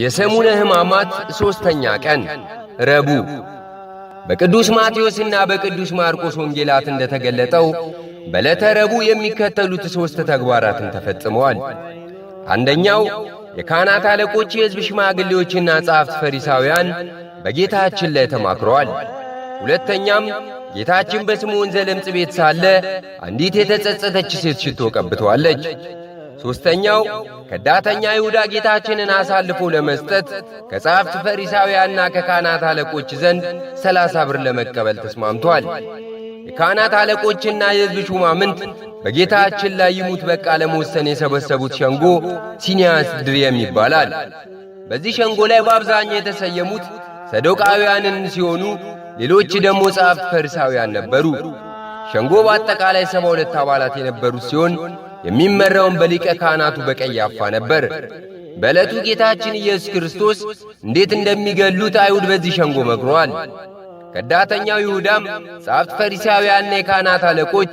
የሰሙነ ሕማማት ሦስተኛ ቀን ረቡዕ በቅዱስ ማቴዎስና በቅዱስ ማርቆስ ወንጌላት እንደተገለጠው በዕለተ ረቡዕ የሚከተሉት ሦስት ተግባራትን ተፈጽመዋል። አንደኛው የካህናት አለቆች፣ የሕዝብ ሽማግሌዎችና ጸሐፍት ፈሪሳውያን በጌታችን ላይ ተማክረዋል። ሁለተኛም ጌታችን በስምዖን ዘለምጽ ቤት ሳለ አንዲት የተጸጸተች ሴት ሽቶ ቀብተዋለች። ሦስተኛው ከዳተኛ ይሁዳ ጌታችንን አሳልፎ ለመስጠት ከጻፍት ፈሪሳውያንና ከካህናት አለቆች ዘንድ ሰላሳ ብር ለመቀበል ተስማምቷል። የካህናት አለቆችና የሕዝብ ሹማምንት በጌታችን ላይ ይሙት በቃ ለመወሰን የሰበሰቡት ሸንጎ ሲኒያስ ድሪየም ይባላል። በዚህ ሸንጎ ላይ በአብዛኛው የተሰየሙት ሰዶቃውያንን ሲሆኑ ሌሎች ደግሞ ጻፍት ፈሪሳውያን ነበሩ። ሸንጎ በአጠቃላይ ሰባ ሁለት አባላት የነበሩት ሲሆን የሚመራውን በሊቀ ካህናቱ በቀያፋ ነበር። በዕለቱ ጌታችን ኢየሱስ ክርስቶስ እንዴት እንደሚገሉት አይሁድ በዚህ ሸንጎ መክሯል። ከዳተኛው ይሁዳም ጻፍት፣ ፈሪሳውያንና የካህናት አለቆች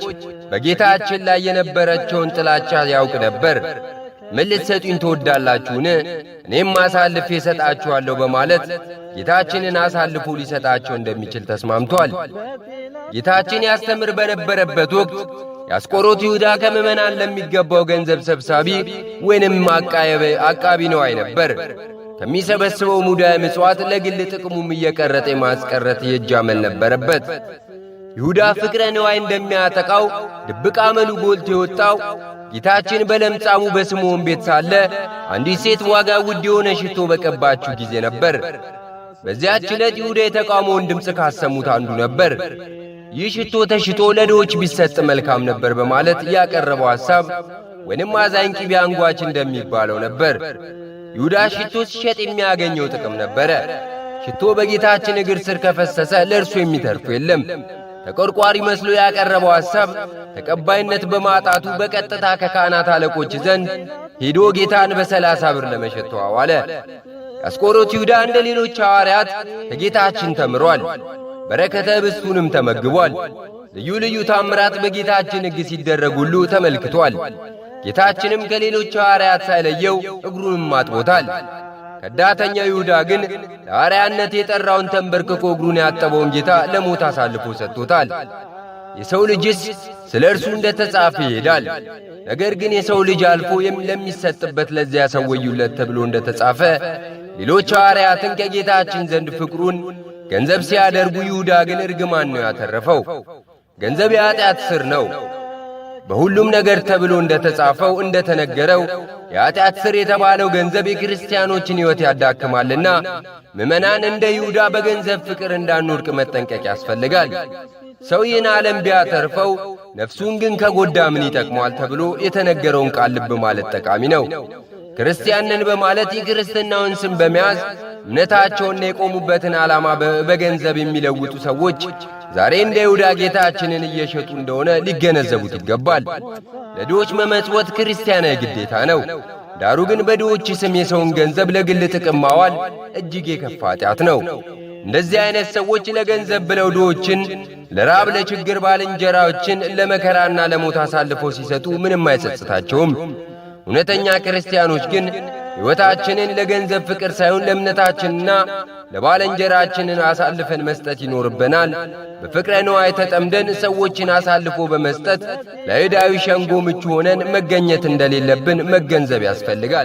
በጌታችን ላይ የነበረቸውን ጥላቻ ያውቅ ነበር። ምን ልትሰጡኝ ትወዳላችሁን? እኔም አሳልፌ እሰጣችኋለሁ በማለት ጌታችንን አሳልፎ ሊሰጣቸው እንደሚችል ተስማምቷል። ጌታችን ያስተምር በነበረበት ወቅት ያስቆሮት ይሁዳ ከምዕመናን ለሚገባው ገንዘብ ሰብሳቢ ወይንም አቃቢ ነዋይ ነበር። ከሚሰበስበው ሙዳየ ምጽዋት ለግል ጥቅሙም እየቀረጠ የማስቀረት የእጅ አመል ነበረበት። ይሁዳ ፍቅረ ንዋይ እንደሚያጠቃው ድብቅ አመሉ ጎልቶ የወጣው ጌታችን በለምጻሙ በስምዖን ቤት ሳለ አንዲት ሴት ዋጋ ውድ የሆነ ሽቶ በቀባችው ጊዜ ነበር። በዚያች ዕለት ይሁዳ የተቃውሞውን ድምፅ ካሰሙት አንዱ ነበር። ይህ ሽቶ ተሽጦ ለድሆች ቢሰጥ መልካም ነበር በማለት ያቀረበው ሐሳብ ወይንም አዛኝ ቅቤ አንጓች እንደሚባለው ነበር። ይሁዳ ሽቶ ሲሸጥ የሚያገኘው ጥቅም ነበረ። ሽቶ በጌታችን እግር ስር ከፈሰሰ ለእርሱ የሚተርፉ የለም። ተቆርቋሪ መስሎ ያቀረበው ሐሳብ ተቀባይነት በማጣቱ በቀጥታ ከካህናት አለቆች ዘንድ ሄዶ ጌታን በሰላሳ ብር ለመሸጥ ተዋዋለ። የአስቆሮት ይሁዳ እንደ ሌሎች ሐዋርያት ከጌታችን ተምሯል። በረከተ ብስቱንም ተመግቧል። ልዩ ልዩ ታምራት በጌታችን ሕግ ሲደረግ ሁሉ ተመልክቷል። ጌታችንም ከሌሎች ሐዋርያት ሳይለየው እግሩንም አጥቦታል። ከዳተኛው ይሁዳ ግን ለሐዋርያነት የጠራውን ተንበርክኮ እግሩን ያጠበውን ጌታ ለሞት አሳልፎ ሰጥቶታል። የሰው ልጅስ ስለ እርሱ እንደ ተጻፈ ይሄዳል። ነገር ግን የሰው ልጅ አልፎ ለሚሰጥበት ለዚያ ሰውዩለት ተብሎ እንደ ተጻፈ ሌሎች ሐዋርያትን ከጌታችን ዘንድ ፍቅሩን ገንዘብ ሲያደርጉ ይሁዳ ግን እርግማን ነው ያተረፈው። ገንዘብ የኀጢአት ሥር ነው። በሁሉም ነገር ተብሎ እንደ ተጻፈው እንደ ተነገረው የኀጢአት ሥር የተባለው ገንዘብ የክርስቲያኖችን ሕይወት ያዳክማልና ምዕመናን እንደ ይሁዳ በገንዘብ ፍቅር እንዳንወድቅ መጠንቀቅ ያስፈልጋል። ሰው ይህን ዓለም ቢያተርፈው ነፍሱን ግን ከጎዳ ምን ይጠቅሟል ተብሎ የተነገረውን ቃል ልብ ማለት ጠቃሚ ነው። ክርስቲያንን በማለት የክርስትናውን ስም በመያዝ እምነታቸውና የቆሙበትን ዓላማ በገንዘብ የሚለውጡ ሰዎች ዛሬ እንደ ይሁዳ ጌታችንን እየሸጡ እንደሆነ ሊገነዘቡት ይገባል። ለድሆች መመጽወት ክርስቲያናዊ ግዴታ ነው። ዳሩ ግን በድሆች ስም የሰውን ገንዘብ ለግል ጥቅም ማዋል እጅግ የከፋ ኃጢአት ነው። እንደዚህ አይነት ሰዎች ለገንዘብ ብለው ድሆችን፣ ለራብ ለችግር ባልንጀራዎችን ለመከራና ለሞት አሳልፈው ሲሰጡ ምንም አይጸጽታቸውም። እውነተኛ ክርስቲያኖች ግን ሕይወታችንን ለገንዘብ ፍቅር ሳይሆን ለእምነታችንና ለባለንጀራችንን አሳልፈን መስጠት ይኖርብናል። በፍቅረ ነዋይ ተጠምደን ሰዎችን አሳልፎ በመስጠት ለዕዳዊ ሸንጎ ምቹ ሆነን መገኘት እንደሌለብን መገንዘብ ያስፈልጋል።